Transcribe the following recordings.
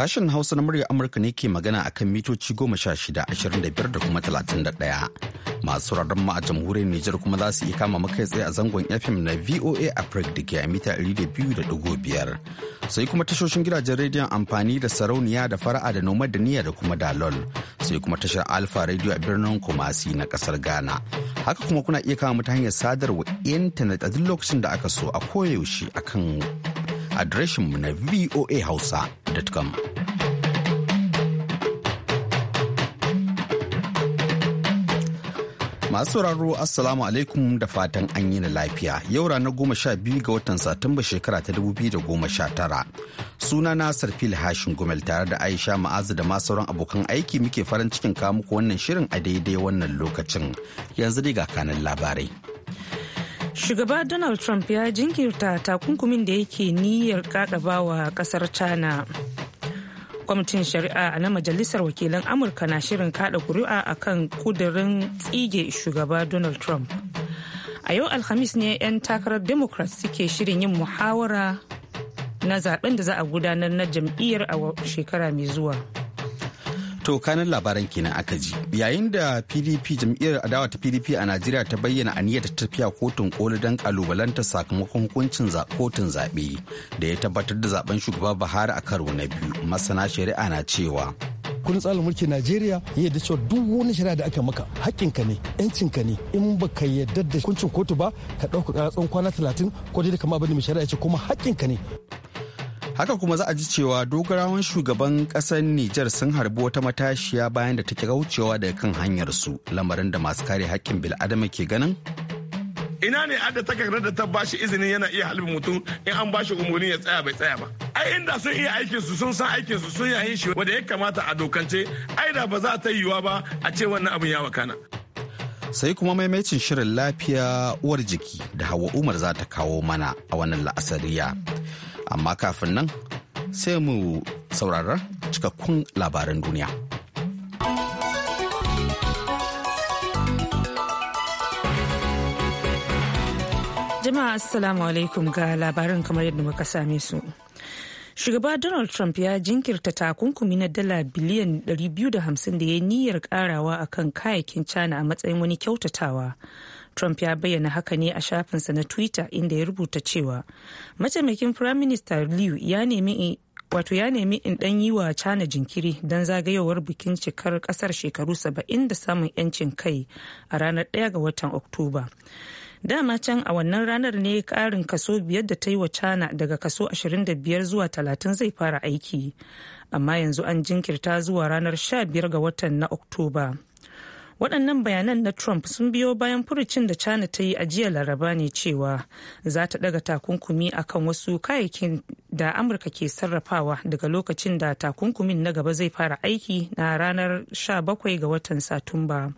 Sashen Hausa na murya Amurka ne ke magana akan mitoci goma sha shida ashirin da biyar da kuma talatin da ɗaya. Masu rarren ma a jamhuriyar Nijar kuma za su iya kama makai tsaye a zangon FM na VOA afrik da ke a mita ɗari da biyu da ɗigo biyar. Sai kuma tashoshin gidajen rediyon amfani da sarauniya da fara'a da noma da niyya da kuma dalol. Sai kuma tashar Alfa Radio a birnin Kumasi na ƙasar Ghana. Haka kuma kuna iya kama mu ta hanyar sadarwa intanet a duk lokacin da aka so a koyaushe akan adireshinmu na voahausa.com. Masu sauraro Assalamu alaikum da fatan an yi na lafiya. Yau ranar goma sha biyu ga watan Satumba shekara ta dubu biyu da goma sha tara. Suna na Sarfil Hashin Gumel tare da Aisha Ma'azu da masu sauran abokan aiki muke farin cikin kawo wannan shirin a daidai wannan lokacin. Yanzu dai ga kanan labarai. shugaba donald trump ya jinkirta takunkumin da yake niyyar kakaba wa kasar china kwamitin shari'a na majalisar wakilan amurka na shirin kaɗa kada a kan kudurin tsige shugaba donald trump a yau alhamis ne 'yan takarar democrats suke shirin yin muhawara na zaben da za a gudanar na jam'iyyar a shekara mai zuwa To kanan labaran kenan aka ji. Yayin da PDP jam'iyyar adawa ta PDP a Najeriya ta bayyana aniyar ta tafiya kotun koli don kalubalanta sakamakon hukuncin kotun zaɓe da ya tabbatar da zaben shugaba bahari a karo na biyu. Masana shari'a na cewa kun tsarin mulkin Najeriya ya yarda cewa duk wani shari'a da aka maka hakkinka ne yancinka ne in baka yarda da hukuncin kotu ba ka ɗauka tsawon kwana talatin ko dai da kama abin da mai shari'a ce kuma hakkinka ne. haka kuma za a ji cewa dogarawan shugaban kasar Nijar sun harbi wata matashiya bayan da ta take kaucewa daga kan hanyarsu lamarin da masu kare haƙƙin bil'adama ke ganin ina ne adda takardar da ta bashi izinin yana iya halbi mutum in an bashi umarni ya tsaya bai tsaya ba ai inda sun iya aikin su sun san aikin su sun yayin shi wanda ya kamata a dokance ai da ba za ta yiwuwa ba a ce wannan abin ya wakana sai kuma maimacin shirin lafiya uwar jiki da hawa umar za ta kawo mana a wannan la'asariya amma kafin nan sai mu saurara cikakkun labaran duniya. Jama'a Assalamu alaikum ga labarin kamar yadda muka same su. Shugaba Donald Trump ya jinkirta takunkumi na dala biliyan 250 da ya niyyar karawa akan kayakin China a matsayin wani kyautatawa. Trump ya bayyana haka ne a shafinsa na Twitter inda ya rubuta cewa mataimakin firaminista Liu ya nemi wato ya nemi in dan yi wa cana jinkiri don zagayowar bikin cikar kasar shekaru 70 da samun 'yancin kai a ranar 1 ga watan oktoba dama can a wannan ranar ne karin kaso biyar da ta yi wa cana daga kaso 25 zuwa 30 zai fara aiki amma yanzu an jinkirta zuwa ranar 15 ga watan na oktoba waɗannan bayanan na trump sun biyo bayan furucin da china ta yi a jiya laraba ne cewa za ta ɗaga takunkumi akan wasu kayayyakin da amurka ke sarrafawa daga lokacin da takunkumin na gaba zai fara aiki na ranar 17 ga watan satumba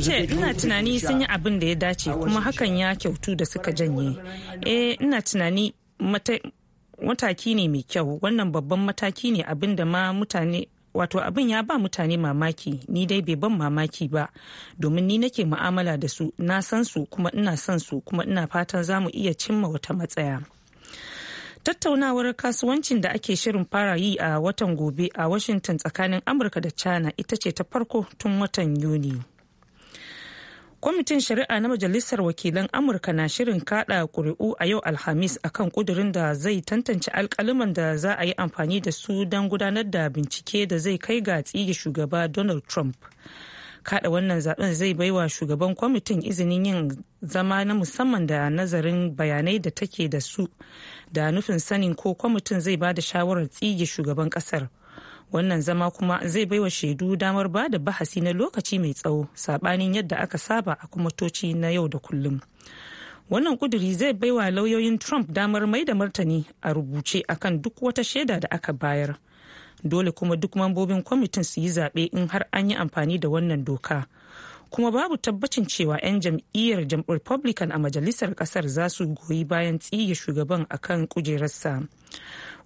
ce ina tunani sun yi abin da ya dace kuma hakan ya kyautu da suka janye eh ina tunani mataki ne mai kyau wannan babban mataki ne abin da ma mutane wato abin ya ba mutane mamaki ni dai bai ban mamaki ba domin ni nake ma'amala da su na san su kuma ina san su kuma ina fatan za mu iya cimma wata matsaya tattaunawar kasuwancin da ake shirin fara yi a watan gobe a washington tsakanin amurka da china ita ce ta farko tun watan yuni kwamitin shari'a na majalisar wakilan amurka na shirin kada kuri'u a yau alhamis akan kudurin da zai tantance alkaliman da za a yi amfani da su don gudanar da bincike da zai kai ga tsige shugaba donald trump kada wannan zaben zai baiwa shugaban kwamitin izinin yin zama na musamman da nazarin bayanai da take da su da nufin sanin ko kwamitin zai ba da shawarar tsige shugaban kasar. wannan zama kuma zai baiwa shaidu damar ba da bahasi na lokaci mai tsawo sabanin yadda aka saba a kumatoci na yau da kullum wannan kuduri zai baiwa lauyoyin trump damar mai da martani a rubuce akan duk wata shaida da aka bayar dole kuma duk mambobin kwamitin su yi zaɓe in har an yi amfani da wannan doka kuma babu tabbacin cewa 'yan jam'iyyar republican a majalisar kasar za su goyi bayan tsige shugaban akan kujerarsa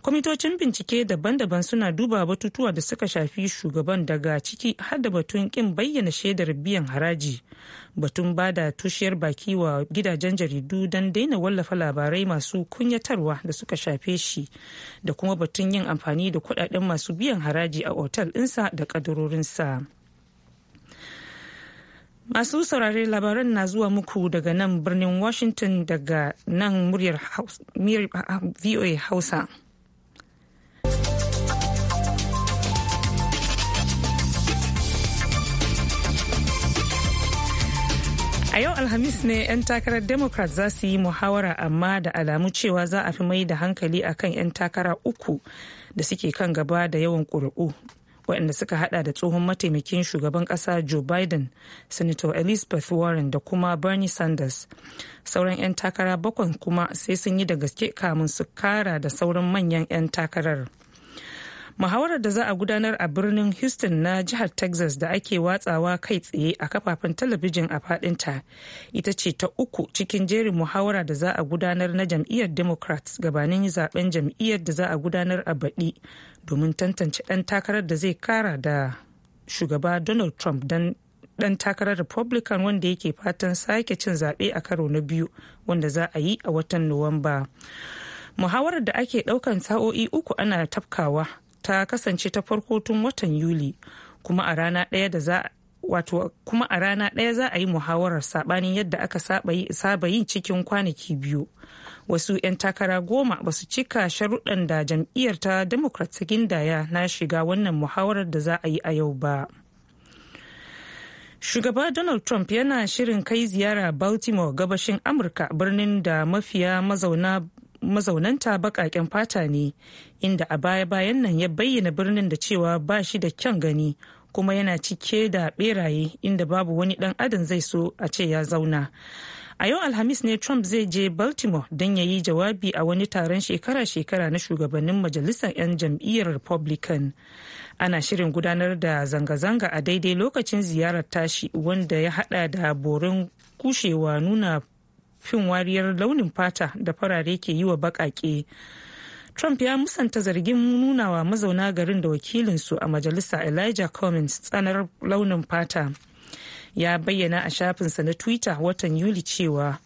kwamitocin bincike daban-daban suna duba batutuwa da suka shafi shugaban daga ciki har da batun kin bayyana shaidar biyan haraji batun ba da tushiyar baki wa gidajen jaridu don daina wallafa labarai masu kunyatarwa da suka shafe shi da kuma batun yin amfani da kudaden masu biyan haraji a otal ɗinsa da kadarorinsa Masu saurare labaran na zuwa muku daga nan birnin Washington daga nan muryar VOA Hausa. Ah, ah, A yau Alhamis ne 'yan takarar Democrat za su yi muhawara amma da alamu cewa za a fi mai da hankali akan 'yan takara uku da suke kan gaba da yawan ƙuri'u waɗanda suka hada da tsohon mataimakin shugaban ƙasa Joe Biden, Senator Elizabeth Warren da kuma Bernie Sanders. Sauran 'yan takara bakwai kuma sai sun yi da gaske kamun su kara da sauran manyan 'yan takarar. muhawarar da za a gudanar a birnin houston na jihar texas da ake watsawa kai tsaye a kafafen talabijin a fadinta ita ce ta uku cikin jerin muhawara da za a gudanar na jam'iyyar democrats gabanin zaben jam'iyyar da za a gudanar a baɗi domin tantance ɗan takarar da zai kara da shugaba donald trump don dan takarar republican wanda yake fatan sake cin zaɓe a karo na biyu wanda za a yi a watan nuwamba muhawarar da ake ɗaukan sa'o'i uku ana tafkawa ta kasance ta farko tun watan yuli kuma a rana ɗaya za a yi muhawarar saɓanin yadda aka saba yin cikin kwanaki biyu wasu 'yan takara goma ba su cika sharuɗan da jam'iyyar ta democrat ta gindaya na shiga wannan muhawarar da za a yi a yau ba shugaba donald trump yana shirin kai ziyara baltimore gabashin amurka birnin da mafiya mazauna mazaunanta baƙaƙen fata ne inda a baya-bayan nan ya bayyana birnin da cewa ba shi da kyan gani kuma yana cike da beraye inda babu wani dan adam zai so a ce ya zauna a yau alhamis ne trump zai je baltimore don ya yi jawabi a wani taron shekara-shekara na shugabannin majalisar 'yan jam'iyyar republican ana shirin gudanar da zanga-zanga a daidai lokacin ziyarar tashi wanda ya hada da borin kushewa nuna fin wariyar launin fata da farare ke yi wa baƙaƙe. Trump ya musanta zargin nunawa mazauna garin da wakilinsu a majalisa Elijah Cummings tsanar launin fata. Ya bayyana a shafinsa na Twitter watan Yuli cewa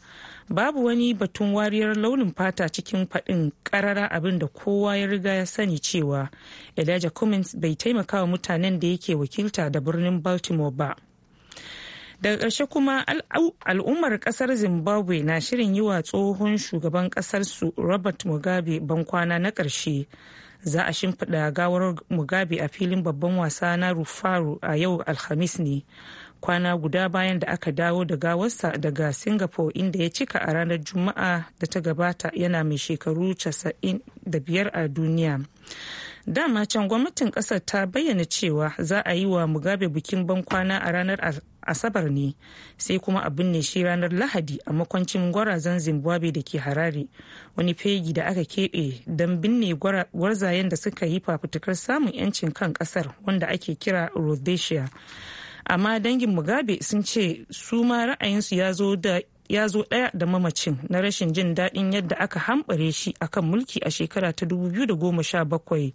babu wani batun wariyar launin fata cikin faɗin ƙarara abin da kowa ya riga ya sani cewa Elijah Cummings bai taimaka wa mutanen da yake wakilta da birnin Baltimore ba. daga ƙarshe kuma al'ummar ƙasar zimbabwe na shirin yi wa tsohon shugaban ƙasar su robert mugabe bankwana na ƙarshe za a shimfiɗa gawar mugabe a filin babban wasa na rufaru a yau alhamis ne kwana guda bayan da aka dawo da gawarsa daga singapore inda ya cika a ranar juma'a da ta gabata yana mai shekaru 95 a duniya dama can gwamnatin kasar ta bayyana cewa za a yi wa mugabe bikin bankwana a ranar asabar ne sai kuma a binne shi ranar lahadi a makwancin gwarazan zimbabwe da ke harare wani fegi da aka keɓe don binne gwarzayen da suka yi fafutukar samun 'yancin kan ƙasar wanda ake kira rhodesia amma dangin mugabe sun ce su ma ra'ayinsu ya zo ɗaya da mamacin na rashin jin daɗin yadda aka hambare shi akan mulki a shekara ta 2017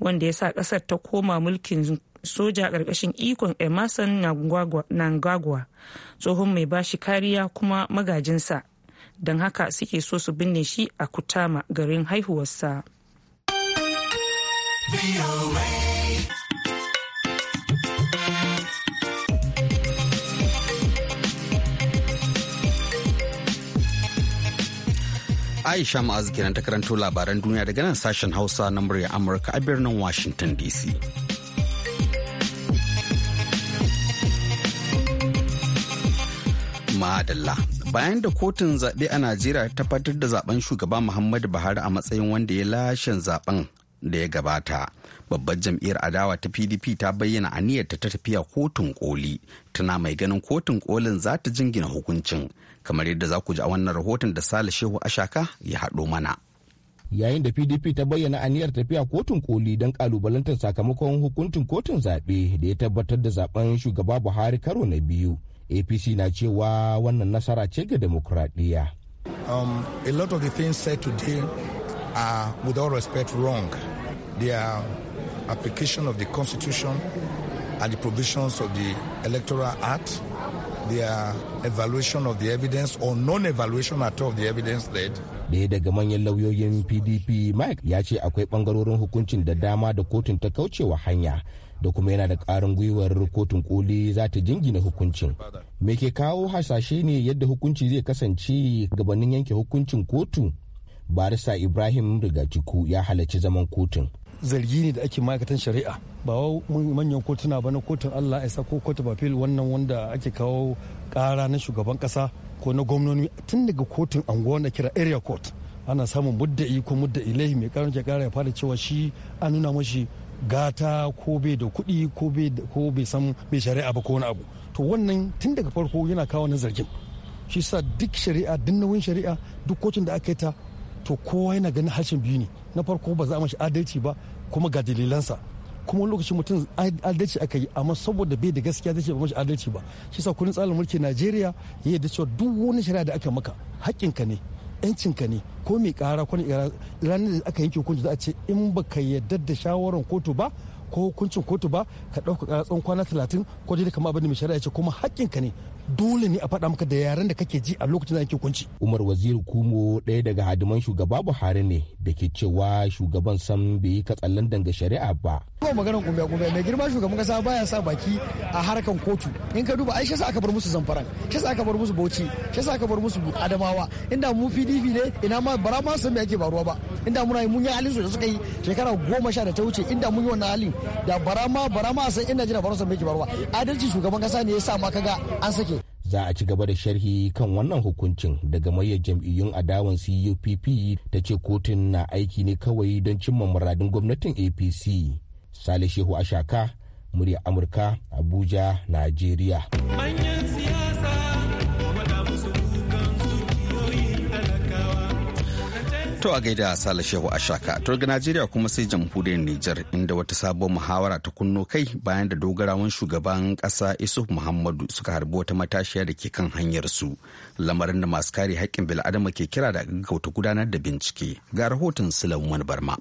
wanda ya sa ƙasar ta koma mulkin soja ƙarƙashin ikon emerson nangagwa tsohon mai bashi kariya kuma magajinsa don haka suke so su binne shi a kutama garin haihuwarsa Aisha Ma'azu kenan ta karanto labaran duniya daga nan sashen Hausa na murya Amurka a birnin Washington DC. Madalla. Bayan da kotun zaɓe a Najeriya ta fatar da zaben shugaba Muhammadu Buhari a matsayin wanda ya lashen zaben da ya gabata. Babbar jam'iyyar adawa ta PDP ta bayyana aniyarta ta tafiya kotun koli. Tana mai ganin kotun kolin za ta jingina hukuncin. Kamar yadda za ku ji a wannan rahoton da Sale Shehu Ashaka ya haɗo mana. yayin da pdp ta bayyana aniyar tafiya kotun koli don kalubalantar sakamakon hukuncin kotun zaɓe da ya tabbatar da zaben shugaba buhari karo na biyu apc na cewa wannan nasara ce ga demokuraɗiyya um, a lot of the things said today are with respect wrong they application of the constitution and the provisions of the electoral act the evaluation of the evidence or non-evaluation at all of the evidence led. Daya daga manyan lauyoyin PDP Mike ya ce akwai bangarorin hukuncin da dama da kotun ta kaucewa hanya da kuma yana da ƙarin gwiwar kotun koli za ta jingina hukuncin me ke kawo hasashe ne yadda hukunci zai kasance gabanin yanke hukuncin kotu barisa ibrahim rigaciku ya halarci zaman kotun zargi ne da ake ma'aikatan shari'a ba manyan kotuna ba na kotun allah isa ko kotu bafil wannan wanda ake kawo kara na shugaban kasa ko na gwamnoni tun daga kotun anguwa na kira area court ana samun mudda'i ko mudda'i laihi mai karin kara ya fara cewa shi an nuna mashi gata ko bai da kuɗi ko bai san mai shari'a ba ko wani abu to wannan tun daga farko yana kawo na zargin shi sa duk shari'a duk nauyin shari'a duk kocin da aka yi ta to kowa yana ganin harshen biyu ne na farko ba za a mashi adalci ba kuma ga dalilansa kuma lokacin mutum adalci aka yi amma saboda bai da gaskiya zai ce ba mashi adalci ba shi sa kudin tsarin mulki Najeriya ya da cewa duk wani shari'a da aka maka haƙƙinka ne yancin ka ne ko mai kara ko ranar da aka yanke hukunci za a ce in baka yarda da shawaran kotu ba ko hukuncin kotu ba ka ɗauka kara tsawon kwana talatin ko dai kamar abin da mai shari'a ce kuma ka ne dole ne a faɗa maka da yaren da kake ji a lokacin da ake kunci. Umar Waziri Kumo ɗaya daga hadiman shugaba Buhari ne da ke cewa shugaban sam bai yi katsallan danga shari'a ba. Kuma maganar kumbiya kumbiya mai girma shugaban kasa baya sa baki a harkan kotu. In ka duba ai shi aka bar musu zamfaran, shi aka bar musu Bauchi, shi aka bar musu Adamawa. Inda mu PDP ne ina ma bara ma san me ake baruwa ba. Inda muna yi mun yi halin su da suka yi shekara goma sha da ta wuce inda mun yi wannan halin da bara ma bara ma san ina jira bara san me ake baruwa. Adalci shugaban kasa ne ya sa ma kaga an sake za a ci gaba da sharhi kan wannan hukuncin daga mayar jam'iyyun adawan cupp ta ce kotun na aiki ne kawai don cimma muradin gwamnatin apc sale shehu ashaka murya amurka abuja najeriya To a gaida Sale Shehu a shaka turga Najeriya kuma sai jamhuriyar Nijar inda wata sabon muhawara ta kunno kai bayan da dogarawan shugaban kasa Isuf Muhammadu suka harbi wata matashiya da ke kan hanyar su. Lamarin da masu kare haƙƙin bil'adama ke kira da gaggauta gudanar da bincike. Ga rahoton Sulaiman Barma.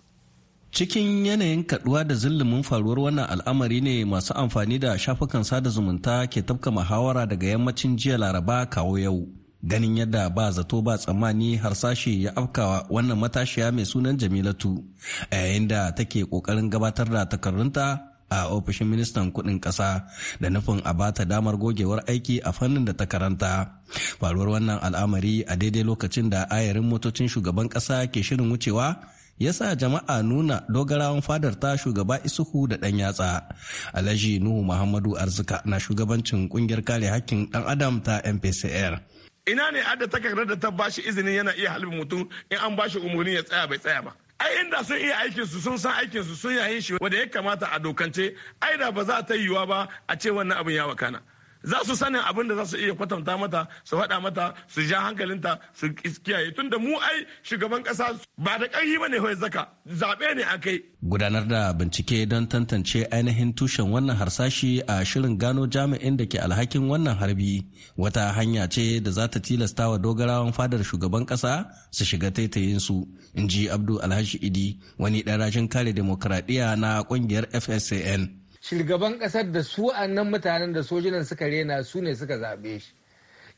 cikin yanayin kaduwa da zillumin faruwar wannan al'amari ne masu amfani da shafukan sada zumunta ke tafka muhawara daga yammacin jiya laraba kawo yau ganin yadda ba zato ba tsammani harsashi ya afkawa wannan matashiya mai sunan jamilatu a yayin da take kokarin gabatar da takardunta a ofishin ministan kudin kasa da nufin a bata damar gogewar aiki a fannin da ta karanta faruwar wannan al'amari a daidai lokacin da ayarin motocin shugaban kasa ke shirin wucewa ya sa jama'a nuna dogarawan fadar ta shugaba isuhu da ɗan yatsa alhaji nuhu muhammadu arzika na shugabancin kungiyar kare hakkin ɗan adam ta mpcr ina ne adda takardar da ta bashi izinin yana iya halbin mutum in an bashi umarni ya tsaya bai tsaya ba ai inda sun iya aikin su sun san aikin su sun yayin shi wanda ya kamata a dokance ai da ba za ta yiwuwa ba a ce wannan abin ya wakana za su sanin abin da za su iya kwatanta mata su faɗa mata su ja hankalinta su kiyaye tunda mu ai shugaban ƙasa ba da ƙarfi ba ne hoyi zaka zaɓe ne a kai. gudanar da bincike don tantance ainihin tushen wannan harsashi a shirin gano jami'in da ke alhakin wannan harbi wata hanya ce da za ta tilasta wa dogarawan fadar shugaban ƙasa su shiga taitayin su in ji abdu alhashi idi wani ɗan rashin kare demokradiyya na ƙungiyar fsan shugaban kasar da su annan mutanen da sojinan suka rena su ne suka zaɓe shi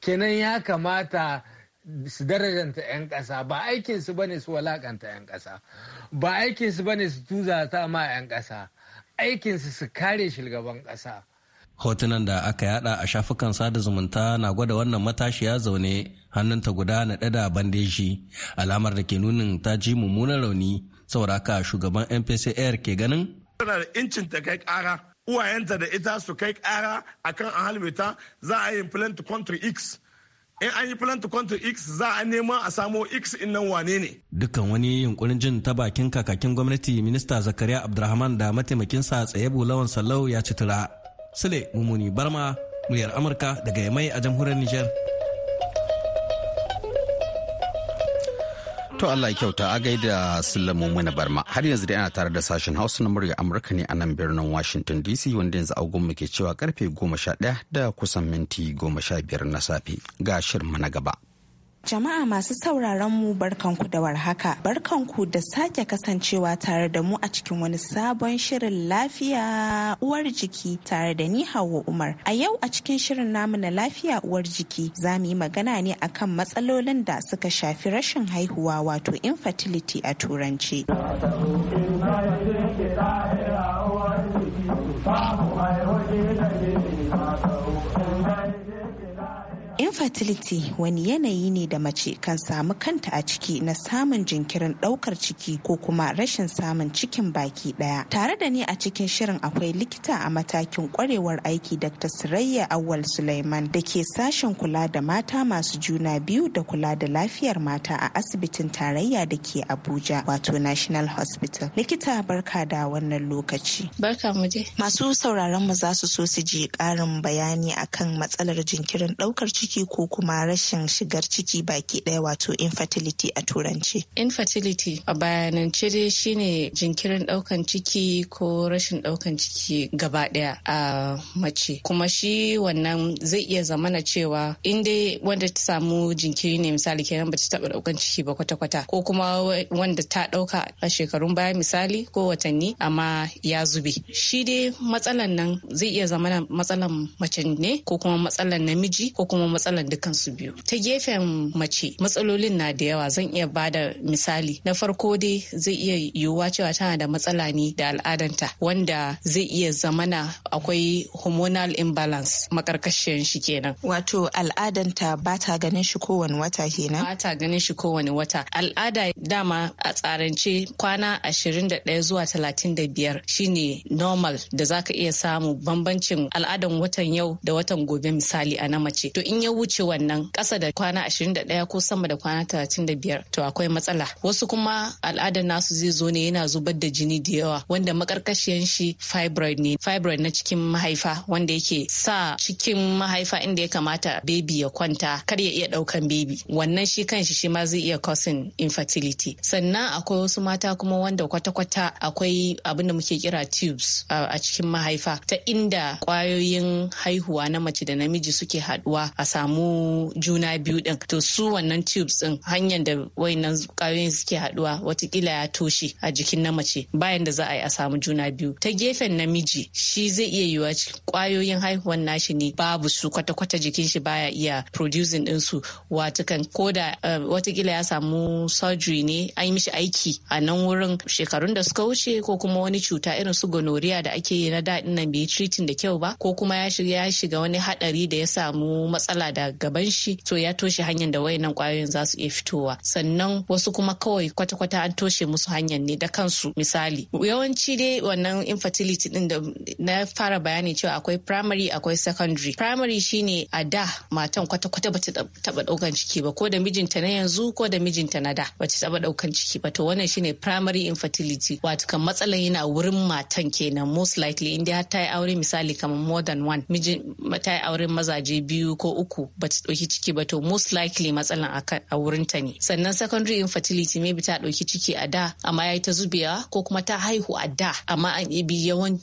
kenan ya kamata su darajanta 'yan ƙasa ba aikin su bane su walakanta 'yan ƙasa ba aikin su bane su tuza ta ma 'yan ƙasa aikin su su kare shugaban kasa. hotunan da aka yada a shafukan sada zumunta na gwada wannan matashi ya zaune hannunta guda na da bandeji alamar da ke nunin ta ji mummunan rauni saboda haka shugaban mpcr ke ganin tana da incin ta kai ƙara uwayenta da ita su kai ƙara akan an halbeta za a yi plant country x in an yi plant country x za a nema a samo x in nan wane ne dukkan wani yunkurin jin ta bakin kakakin gwamnati minista zakariya abdurrahman da mataimakinsa tsaye bulawan sallau ya ci tura sule mumuni barma muryar amurka daga yamai a jamhuriyar nijar. To Allah ya kyauta a gaida Sulamu Muna Barma. Har yanzu dai ana tare da sashen Hausa na murya Amurka ne a nan birnin Washington DC wanda yanzu agonmu ke cewa karfe 11 da kusan minti 15 na safe ga shirma na gaba. Jama'a masu sauraron mu barkanku da warhaka. Barkanku da sake kasancewa tare da mu a cikin wani sabon shirin lafiya uwar jiki tare da ni Hauwa Umar. A yau a cikin shirin namu na lafiya uwar jiki za mu yi magana ne akan matsalolin da suka shafi rashin haihuwa wato infertility a turanci. infertility wani yanayi ne da mace kan samu kanta a ciki na samun jinkirin daukar ciki ko kuma rashin samun cikin baki daya tare da ni a cikin shirin akwai likita a matakin kwarewar aiki dr sirayya awal suleiman da ke sashen kula da mata masu juna biyu da kula da lafiyar mata a asibitin tarayya da ke abuja wato national hospital likita barka da wannan lokaci barka mu masu sauraron mu za su so su ji karin bayani akan matsalar jinkirin daukar ciki ko kuma rashin shigar ciki baki ɗaya wato infertility a turanci. Infertility a bayanance dai shine jinkirin ɗaukan ciki ko rashin ɗaukan ciki gaba ɗaya a mace. Kuma shi wannan zai iya zamana cewa inda wanda ta samu jinkiri ne misali kenan bata taɓa ɗaukan ciki ba kwata-kwata ko kuma wanda ta ɗauka a shekarun baya misali ko watanni amma ya zube. Shi dai matsalan nan zai iya zamana matsalan mace ne ko kuma matsalan namiji ko kuma matsalan matsalar dukan su biyu ta gefen mace matsalolin na da yawa zan iya bada misali na farko dai zai iya yiwuwa cewa tana da matsala ne da al'adanta wanda zai iya zamana akwai hormonal imbalance makarkashiyar shi kenan wato al'adanta ba ta ganin shi kowane wata kenan ba ta ganin shi kowane wata al'ada dama a tsarance kwana 21 zuwa 35 shine normal da zaka iya samu bambancin al'adan watan yau da watan gobe misali a na mace to in ya wuce wannan ƙasa da kwana 21 ko sama da kwana 35 to akwai matsala wasu kuma al'adar nasu zai zo ne yana zubar da jini da yawa wanda makarkashiyan shi fibroid ne fibroid na cikin mahaifa wanda yake sa cikin mahaifa inda ya kamata baby ya kwanta kar ya iya daukan baby wannan shi kanshi shi ma zai iya causing infertility sannan akwai wasu mata kuma wanda kwata-kwata akwai abin da muke kira tubes a cikin mahaifa ta inda kwayoyin haihuwa na mace da namiji suke haɗuwa a samu samu juna biyu din to su wannan tubes din hanyar da wayannan kwayoyin suke haduwa watakila ya toshe a jikin na mace bayan da za a yi a samu juna biyu ta gefen namiji shi zai iya yiwa kwayoyin haihuwan nashi ne babu su kwata-kwata jikin shi baya iya producing din su watakan da eh, watakila ya samu surgery ne an yi mishi aiki a nan wurin shekarun da suka wuce ko kuma wani cuta irin su gonoriya da ake yi na daɗin nan bai treating da kyau ba ko kuma ya shiga shiga wani haɗari da ya samu matsala da da gaban shi to ya toshe hanyar da wayannan kwayoyin za su iya fitowa sannan wasu kuma kawai kwata-kwata an toshe musu hanyar ne da kansu misali yawanci dai wannan infertility din da na fara bayani cewa akwai primary akwai secondary primary shine a da matan kwata-kwata bata taba daukan ciki ba ko da mijinta na yanzu ko da mijinta na da bata taba daukan ciki ba to wannan shine primary infertility wato kan matsalan yana wurin matan kenan most likely in dai har ta yi aure misali kamar more than one mijin ta yi auren mazaje biyu ko uku Bata ta ɗauki ciki ba to most likely matsalan a ta ne sannan secondary infertility maybe ta ɗauki ciki a da amma yayi ta zubewa ko kuma ta haihu a da amma an ibi yawan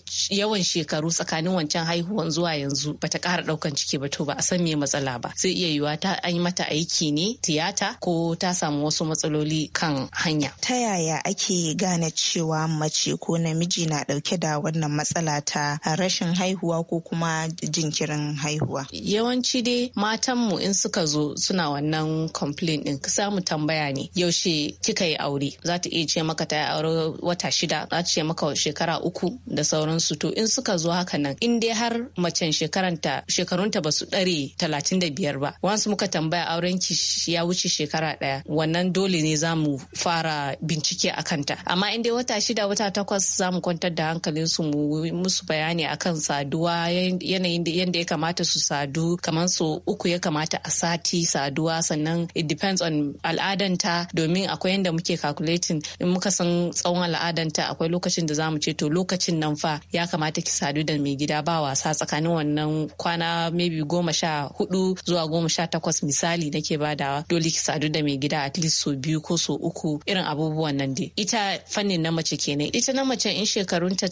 shekaru tsakanin wancan haihuwan zuwa yanzu Bata ta ƙara ɗaukan ciki ba to ba a san me matsala ba Sai iya yiwuwa ta an yi mata aiki ne tiyata ko ta samu wasu matsaloli kan hanya. Ta yaya ake gane cewa mace ko namiji na ɗauke da wannan matsala ta rashin haihuwa ko kuma jinkirin haihuwa? Yawanci dai mata matanmu in suka zo suna wannan complain din ka mu tambaya ne yaushe kika yi aure za ta iya ce maka ta yi aure wata shida za ta ce maka shekara uku da sauransu to in suka zo haka nan in dai har mace shekaranta shekarunta ba su ɗare talatin da biyar ba wasu muka tambaya auren ki ya wuce shekara ɗaya wannan dole ne za mu fara bincike a kanta amma in dai wata shida wata takwas za mu kwantar da hankalin su mu musu bayani akan saduwa yanayin yadda ya kamata su sadu kamar su uku uku ya kamata a sati saduwa sannan it depends on al'adanta domin akwai yadda muke calculating in muka san tsawon al'adanta akwai lokacin da zamu ce to lokacin nan fa ya kamata ki sadu da mai gida ba wasa tsakanin wannan kwana maybe goma sha hudu zuwa goma sha takwas misali nake badawa dole ki sadu da mai gida at least so biyu ko so uku irin abubuwan nan dai ita fannin na mace kenan ita na mace in shekarunta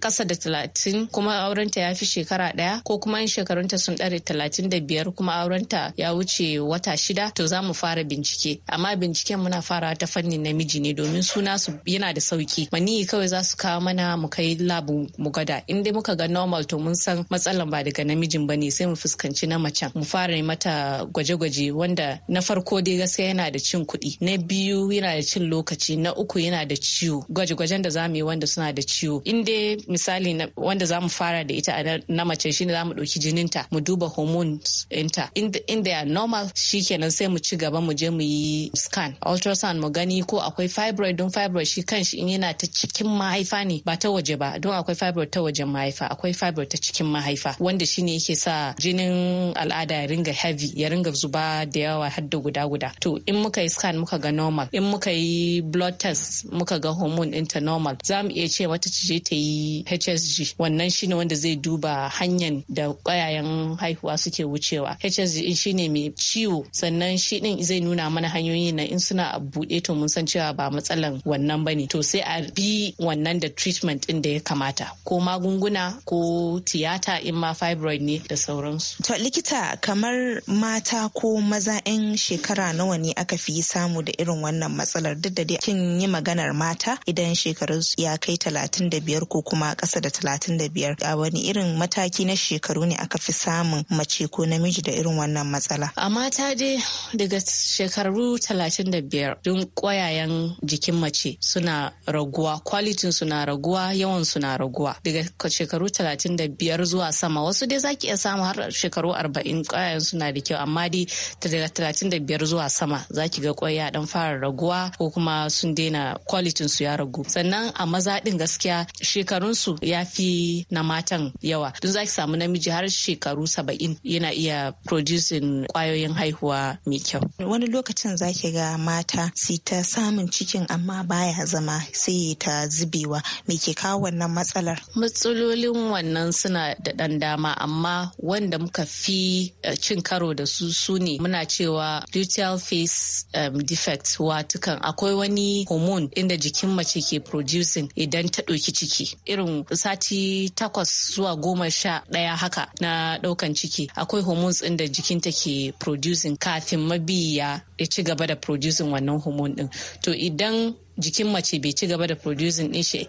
kasa eh, da talatin kuma aurenta ya fi shekara daya ko kuma in shekarunta sun dare talatin da biyar kuma auren ta ya wuce wata shida to za mu fara bincike amma binciken muna fara ta fannin namiji ne domin suna su yana da sauki maniyi kawai za su kawo mana mu kai labu mu gwada in dai muka ga normal to mun san matsalan ba daga namijin ba ne sai mu fuskanci na macen mu fara mata gwaje-gwaje wanda na farko dai gaskiya yana da cin kuɗi na biyu yana da cin lokaci na uku yana da ciwo gwaje-gwajen da za mu yi wanda suna da ciwo in dai misali wanda za mu fara da ita na mace shine za mu ɗauki jininta mu duba hormone ɗinta in they are normal shikenan sai mu ci gaba mu je mu yi scan ultrasound mu gani ko akwai fibroid don fibroid shi kanshi in yana ta cikin mahaifa ne ba ta waje ba don akwai fibroid ta wajen mahaifa akwai fibroid ta cikin mahaifa wanda shi ne yake sa jinin al'ada ya ringa heavy ya ringa zuba da yawa har da guda guda to in muka yi scan muka ga normal in muka yi blood test muka ga hormone ɗinta normal za mu iya ce wata ce ta yi hsg wannan shi ne wanda zai duba hanyar da ƙwayayen haihuwa suke wuce wucewa hsg shine mai ciwo sannan shi din zai nuna mana hanyoyi na in suna a buɗe to mun san cewa ba matsalan wannan bane to sai a bi wannan da treatment din da ya kamata ko magunguna ko tiyata in ma fibroid ne da sauransu to likita kamar mata ko maza 'yan shekara nawa ne aka fi samu da irin wannan matsalar duk da kin yi maganar mata idan shekarun ya kai talatin da biyar ko kuma ƙasa da talatin da biyar a wani irin mataki na shekaru ne aka fi samun mace ko namiji da irin wannan matsala. A mata dai daga shekaru 35 don kwayayen jikin mace suna raguwa, kwalitin suna raguwa, yawan suna raguwa. Daga shekaru 35 zuwa sama wasu dai zaki iya samu har shekaru 40 kwayayen suna da kyau amma dai daga 35 zuwa sama zaki ga ya dan fara raguwa ko kuma sun daina kwalitin su ya ragu. Sannan a maza din gaskiya shekarun su ya fi na matan yawa. Don zaki samu namiji har shekaru 70 yana iya producing kwayoyin haihuwa mai kyau. Wani lokacin zaki ga mata sita, ta samun cikin amma baya zama sai ta zubewa me ke kawo wannan matsalar. Matsalolin wannan suna da ɗan dama amma wanda muka fi eh, cin karo da su su ne muna cewa luteal phase defect watukan akwai wani hormone inda jikin mace ke producing idan ta ɗauki ciki irin sati takwas zuwa goma sha ɗaya haka na ɗaukan ciki akwai hormones ɗin da jikin ke producing kafin mabiya ya ci gaba da producing wannan hormone ɗin to idan jikin mace bai ci gaba da producing ɗin shi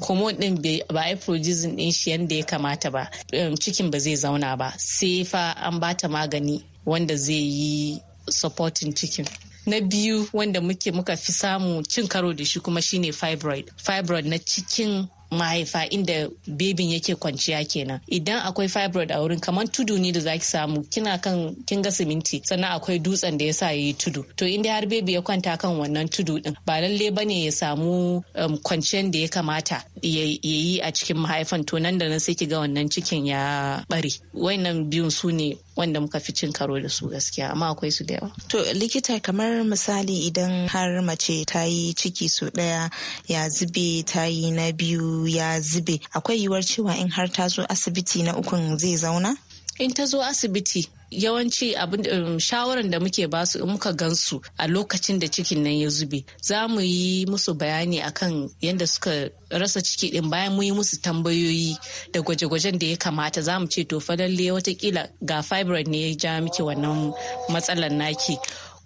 hormone ɗin ba a producing ɗin shi yadda ya kamata ba um, cikin ba zai zauna ba sai fa an ba ta magani wanda zai yi supporting cikin na biyu wanda muke muka fi samu cin karo da shi kuma shine fibroid fibroid na cikin mahaifa inda bebin yake kwanciya kenan idan akwai fibroid a wurin kamar tudu ne da zaki samu kina kan kin ga siminti sannan akwai dutsen da yasa yayi tudu to inda har bebi ya kwanta kan wannan tudu din ba lalle bane ya samu um, kwanciyar da ya kamata ya a cikin mahaifan to nan da nan sai ki ga wannan cikin ya bari wayannan biyun su ne wanda muka fi cin karo da su gaskiya amma akwai su da yawa. To likita kamar misali idan har mace ta yi ciki su ɗaya ya zube ta yi na biyu ya zube akwai yiwuwar cewa in har ta zo asibiti na ukun zai zauna? In ta zo asibiti yawanci abin da um, shawaran da muke basu in muka gansu a lokacin da cikin nan ya zube za mu yi musu bayani akan yadda suka rasa ciki din bayan mu yi musu tambayoyi da gwaje-gwajen da ya kamata za mu ce to fa lalle watakila ga fibroid ne ya ja miki wannan matsalar naki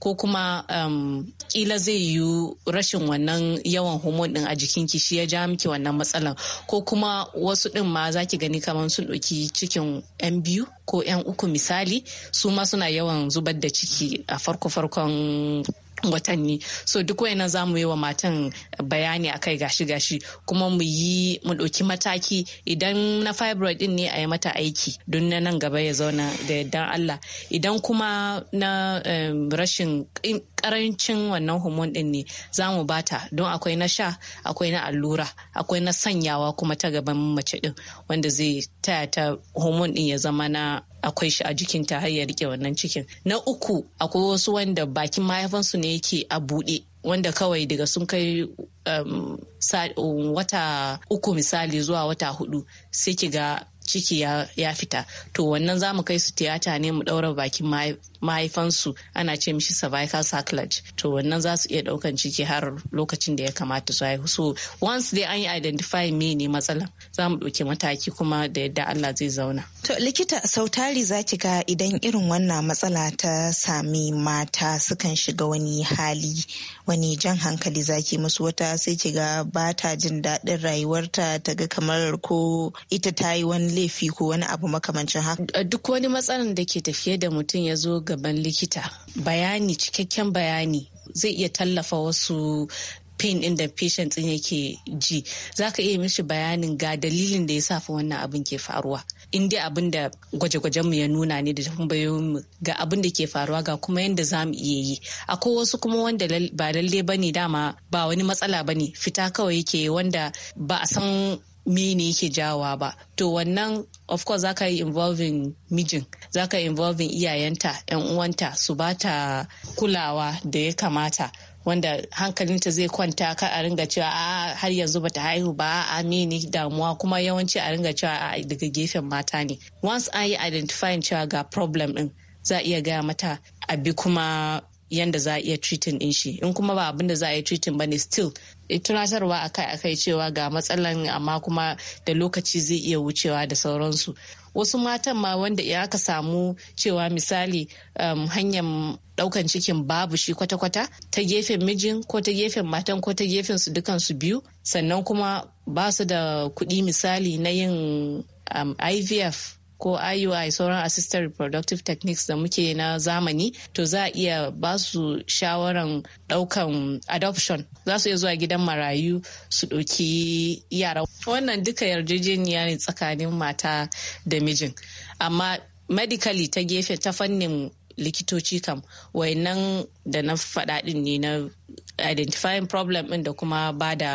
ko kuma um, kila zai yiwu rashin wannan yawan homon din a jikin ki shi ya ja miki wannan matsalar. ko kuma wasu din ma za ki gani kamar sun ɗauki cikin yan biyu ko yan uku misali su ma suna yawan zubar da ciki a farko farkon watanni so duk wayannan za mu yi wa matan bayani a kai gashi gashi kuma mu yi mu ɗauki mataki idan na fibroid din ne a yi mata aiki don na nan gaba ya zauna da yardan Allah idan kuma na um, rashin karancin wannan homon din ne za mu bata don akwai na sha akwai na allura akwai na sanyawa kuma ta gaban mace din wanda zai taya ta homon din ya zama na akwai shi a jikin ta har ya rike wannan cikin na uku akwai wasu wanda bakin mahaifansu ne yake a buɗe wanda kawai daga sun kai um, um, wata uku misali zuwa wata hudu sai ki ga ciki ya, ya fita to wannan za mu kai su tiyata ne mu ɗaura bakin mahaifansu ana ce mishi cervical sacrilege to wannan za su iya daukan ciki har lokacin da ya kamata su haihu so once dai an yi identify me ne matsala za mu ɗauki mataki kuma da yadda Allah zai zauna. To likita sautari za ki ga idan irin wannan matsala ta sami mata sukan shiga wani hali wani jan hankali zaki musu wata sai ki ga ba ta jin daɗin rayuwarta ta ga kamar ko ita ta yi wani laifi ko wani abu makamancin haka. Duk wani matsalar da ke tafiye da mutum ya zo gaban likita bayani cikakken bayani zai iya tallafa wasu pain inda da patient yake ji zaka iya mishi bayanin ga dalilin da ya sa fa wannan abin ke faruwa in dai abin da gwaje-gwajenmu ya nuna ne da tambayoyinmu ga abin da ke faruwa ga kuma yadda za mu iya yi akwai wasu kuma wanda ba lalle ba ne dama ba wani matsala ba ne fita kawai yake wanda ba a san mene yake jawa ba to wannan of course zaka yi involving mijin za ka zaka involving iyayenta yan uwanta su bata kulawa da ya kamata wanda hankalinta zai kwanta ka a ringa cewa a har yanzu bata haihu ba a damuwa kuma yawanci a ringa cewa a daga gefen mata ne once an yi identifying cewa ga problem din za a iya gaya mata a bi kuma yanda za a iya treating din shi in kuma ba abin da za a yi treating ba ne still eh, tunatarwa akai-akai cewa ga matsalan amma kuma da lokaci zai iya wucewa da sauransu wasu matan ma wanda ya aka samu cewa misali um, hanyar daukan cikin babu shi kwata-kwata ta gefen mijin ko ta gefen matan ko ta gefen su dukansu biyu sannan kuma ba su da kuɗi misali na yin um, ivf ko IUI sauran assisted reproductive techniques da muke na zamani to za a iya ba su shawaran daukan adoption za su iya zuwa gidan marayu su ɗauki yara wannan duka yarjejeniya ne tsakanin mata da mijin amma medically ta gefe ta fannin likitoci kam wayannan da na faɗaɗin ne na identifying problem ɗin da kuma ba da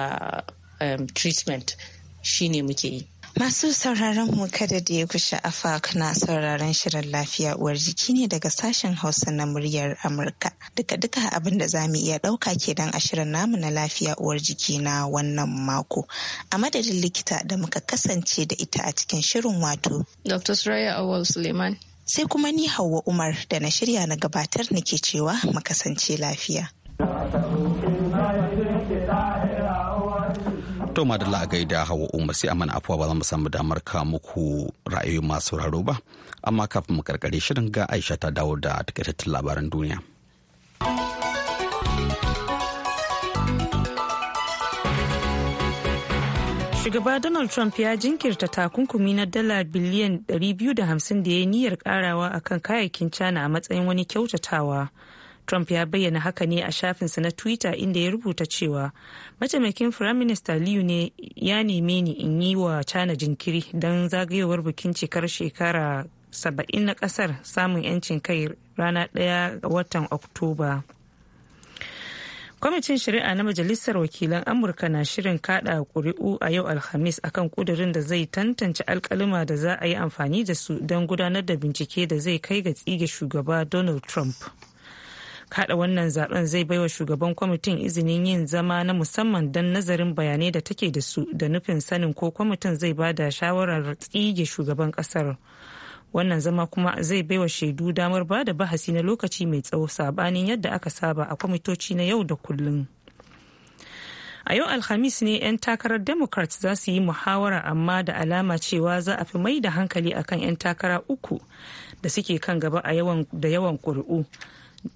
um, treatment shine muke yi Masu sauraron mu kada da ya kusha Afa kana sauraron shirin lafiya uwar jiki ne daga sashen Hausa na muryar Amurka. Duka duka abin da za mu iya ɗauka ke dan a shirin namu na lafiya uwar jiki na wannan mako. A madadin likita da muka kasance da ita a cikin shirin wato. Dr. Suraya Awal Suleiman. Sai kuma ni Hauwa Umar da na shirya na gabatar nake cewa mu kasance lafiya. to madalla a gaida hawa umar sai mana afuwa ba za mu samu damar ka muku ra'ayoyin masu sauraro ba amma kafin mu karkare shirin ga aisha ta dawo da takaitattun labaran duniya shugaba donald trump ya jinkirta takunkumi na dala biliyan 250 da ya yi niyyar karawa akan kayayyakin china a matsayin wani kyautatawa Trump ya bayyana haka ne a shafinsa na Twitter inda ya rubuta cewa mataimakin firaminista Liu ne ya neme ni in yi wa China jinkiri don zagayowar bikin cikar shekara saba'in na kasar samun 'yancin kai rana ɗaya ga watan Oktoba. kwamitin shari'a na majalisar wakilan amurka na shirin kada kuri'u a yau alhamis akan kudurin da zai tantance alkalima da za a yi amfani da su don gudanar da bincike da zai kai ga tsige shugaba donald trump kada wannan zaben zai bai wa shugaban kwamitin izinin yin zama na musamman don nazarin bayanai da take da su da nufin sanin ko kwamitin zai ba da shawarar tsige shugaban kasar wannan zama kuma zai bai wa shaidu damar ba da bahasi na lokaci mai tsawo sabanin yadda aka saba a kwamitoci na yau da kullum a yau alhamis ne 'yan takarar democrats za su yi muhawara amma da alama cewa za a fi mai da hankali akan 'yan takara uku da suke kan gaba da yawan kuri'u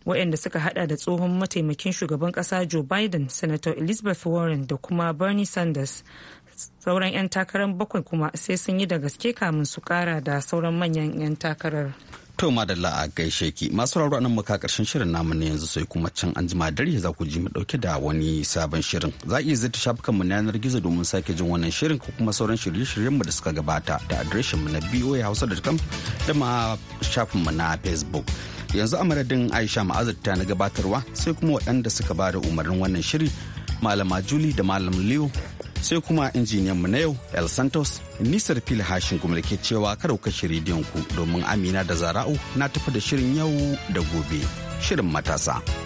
waɗanda suka hada da tsohon mataimakin shugaban ƙasa joe biden senator elizabeth warren da kuma bernie sanders sauran 'yan takarar bakwai kuma sai sun yi da gaske kamun su kara da sauran manyan 'yan takarar to madalla a gaishe ki masu rauro nan muka karshen shirin namu ne yanzu sai kuma can an jima dare za ku ji mu dauke da wani sabon shirin za a iya shafukan mu na yanar gizo domin sake jin wannan shirin ko kuma sauran shirye-shiryen mu da suka gabata da adireshin mu na boa hausa.com da ma shafin mu na facebook yanzu a madadin aisha ma'azar ta na gabatarwa sai kuma waɗanda suka ba da umarnin wannan shiri malama juli da malam leo sai kuma injiniyan mu na yau el santos nisar fil hashin kuma ke cewa kada ku kashe rediyon ku domin amina da zara'u na tafi da shirin yau da gobe shirin matasa.